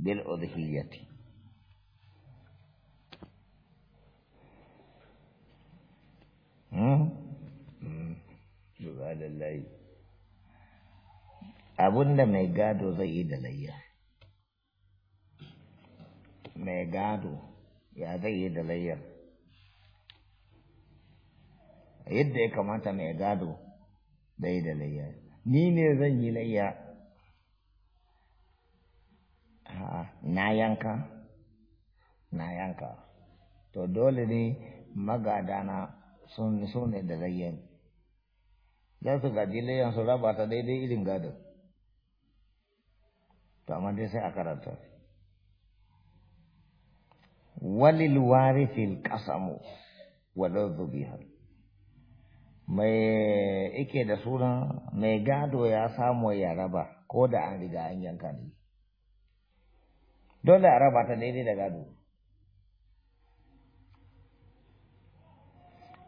بالأضحية سبحان الله abun da mai gado zai yi da layya mai gado ya zai yi da layyar yadda ya kamata mai gado zai yi da layya ni ne zan yi layya a'a na yanka na yanka to dole ne magadana sun su ne da layyan za su gaji layan su raba ta daidai irin gadon to amma dai sai a karanta walil warithil qasamu walau har mai ike da suna mai gado ya samu ya raba ko da an riga an yanka ne dole a raba ta daidai da gado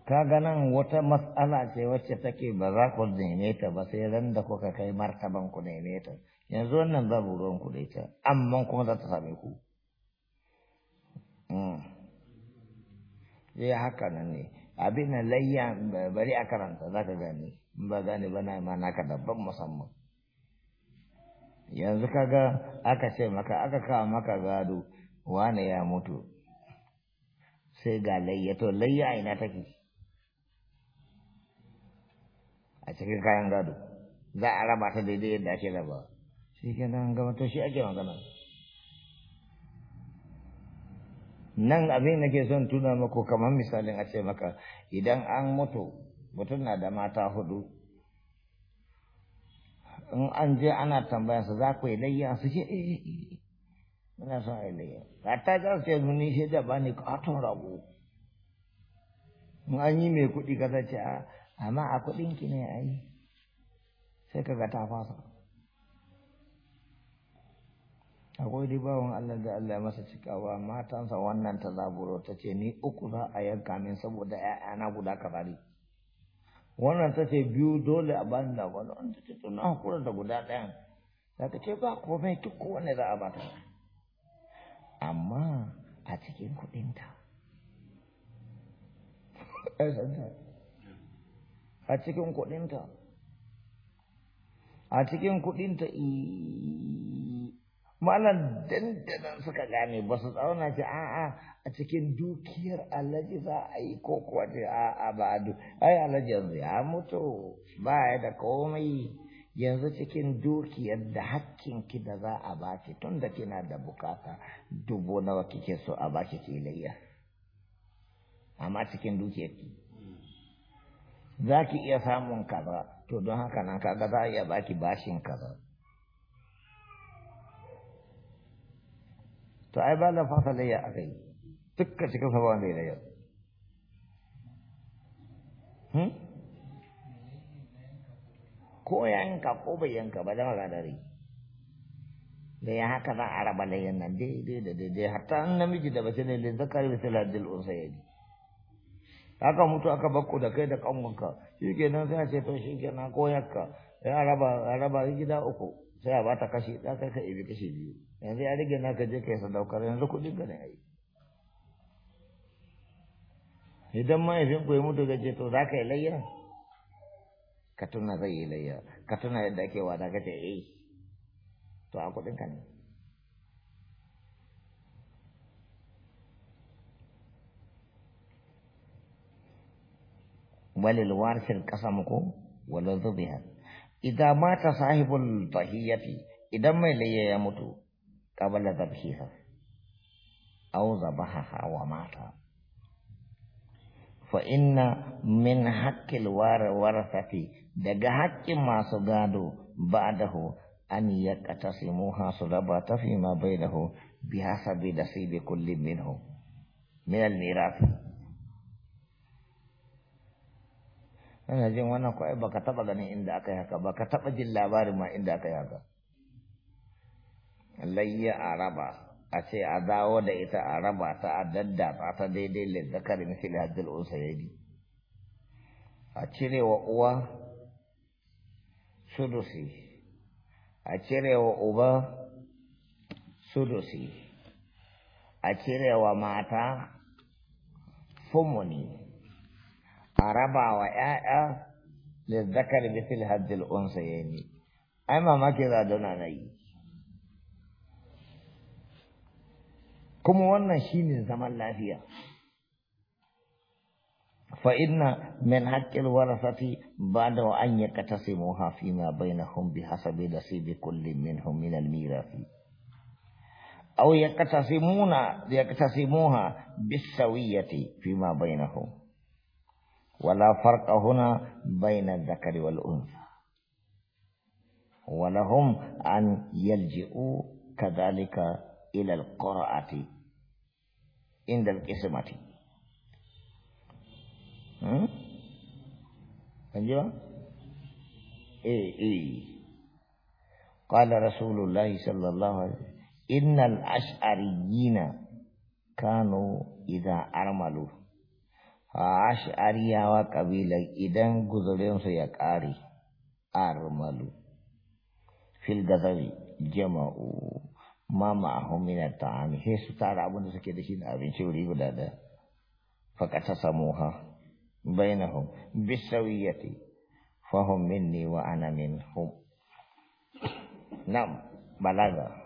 ka ganin wata matsala ce wacce take ba za ku neme ta ba sai ran da kuka kai martaban ku neme ta yanzu wannan za ku ruwan ku da ita amma kuma za ta same ku ya hmm. eh, haka nan ne abin layya bari a karanta za ka gane ba gane ba na ma naka daban musamman yanzu kaga aka ce maka aka kawo maka gado wane ya mutu sai ga layya to layya ina take a cikin kayan gado za a raba ta daidai yadda ake raba shi ke nan gama to shi ake magana nan abin da ke son tuna mako kamar misalin a ce maka idan an mutu mutum na da mata hudu in an je ana tambaya su za ku yi layya su ce eh, eh, eh, muna son a yi layya Ta ga su ce ni shi da ba ni katon rago in an yi mai kuɗi ka ce a ah, amma a ki ne a yi sai ka ga ta fasa akwai dai Allah da Allah masa cikawa matansa wannan ta zaburo ta ce ni uku za a yanka min saboda 'ya'yana guda kazari. wannan ta ce biyu dole a bani labarin wannan ta ce to na hakura da guda ɗayan da ta ce ba komai duk kowane za a ba ta amma a cikin kuɗinta a cikin kuɗinta a cikin kuɗinta malam dandanan suka gane ba su tsauna ce a'a a cikin dukiyar alhaji za a yi ko kuwa ce a'a ba a duk ai alhaji yanzu ya mutu ba ya da komai yanzu cikin dukiyar da hakkin ki da za a baki tun da kina da bukata dubu nawa kike so a baki kilayya amma cikin dukiyar ki za ki iya samun kaza to don haka nan kaga za a iya baki bashin kaza to ai ba da fasa layya a kai dukkan cikin sa ba mai layya hmm? ko yanka ko bai yanka ba da dare da ya haka za a raba layyan nan daidai da daidai hatta an namiji da bace ne lin zakari bi saladil haka mutu aka bakko da kai da kanwanka nan sai a ce to nan ko yanka ya raba raba gida uku sai a ba ta kashi da kai ka ibi kashi biyu yanzu ya rage naka je kai sadaukar yanzu kudin ka ne ai idan mahaifin ku ya mutu da ce to za ka yi layya ka tuna zai yi layya ka tuna yadda ake wada ka ce eh to a kuɗin ka ne walil warsil qasamukum wa la إذا مات صاحب الضحية إذا ما لي يموت قبل ذبحها أو ذبحها ومات فإن من حق الورثة دقى حق ما سقادوا بعده أن يقتسموها صلبات فيما بينه بحسب نصيب كل منهم من الميراث kana jin wannan ko ba baka taba ganin inda aka yi haka baka taba jin labarin ma inda aka yi haka layya a raba a ce a dawo da ita a raba ta a dadda ta daidai lizzakar misali ya bi. a cire wa uwa sudusi a cire wa uba sudusi a cire wa mata fumuni ربع raba للذكر مثل هد zakar bisil hajjil unsa ya ne, ai mamaki zaduna na yi. Kuma wannan فإن من حق الورثة بعد أن يقتسموها فيما بينهم بحسب نصيب كل منهم من الميراث أو يقتسمون يقتسموها بالسوية فيما بينهم ولا فرق هنا بين الذكر والأنثى ولهم أن يلجئوا كذلك إلى القراءة عند القسمة أيوة إي إي قال رسول الله صلى الله عليه وسلم إن الأشعريين كانوا إذا أرملوا a ash'ariyawa ƙabilar idan guzurinsu ya ƙare armalu fil gazari jama'u ma ma'ahum min taami sai su tara abinda suke da shi na abinci wuri guda da faqata samuha bainahum bisawiyati fahum minni wa ana minhum nam balaga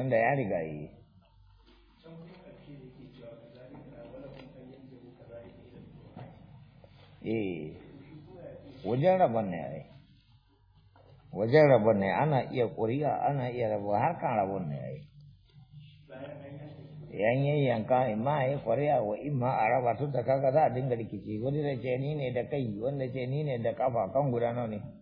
tunda ya riga yi eh, wajen rabon ne ai wajen rabon ne ana iya ƙuri'a ana iya rabo harkan rabon ne ai yan yanka imma ya ƙuri'a wa imma a raba tun da kaga za a dinga rikici wani da ce ni ne da kai wanda ce ni ne da kafa kan gudanar ne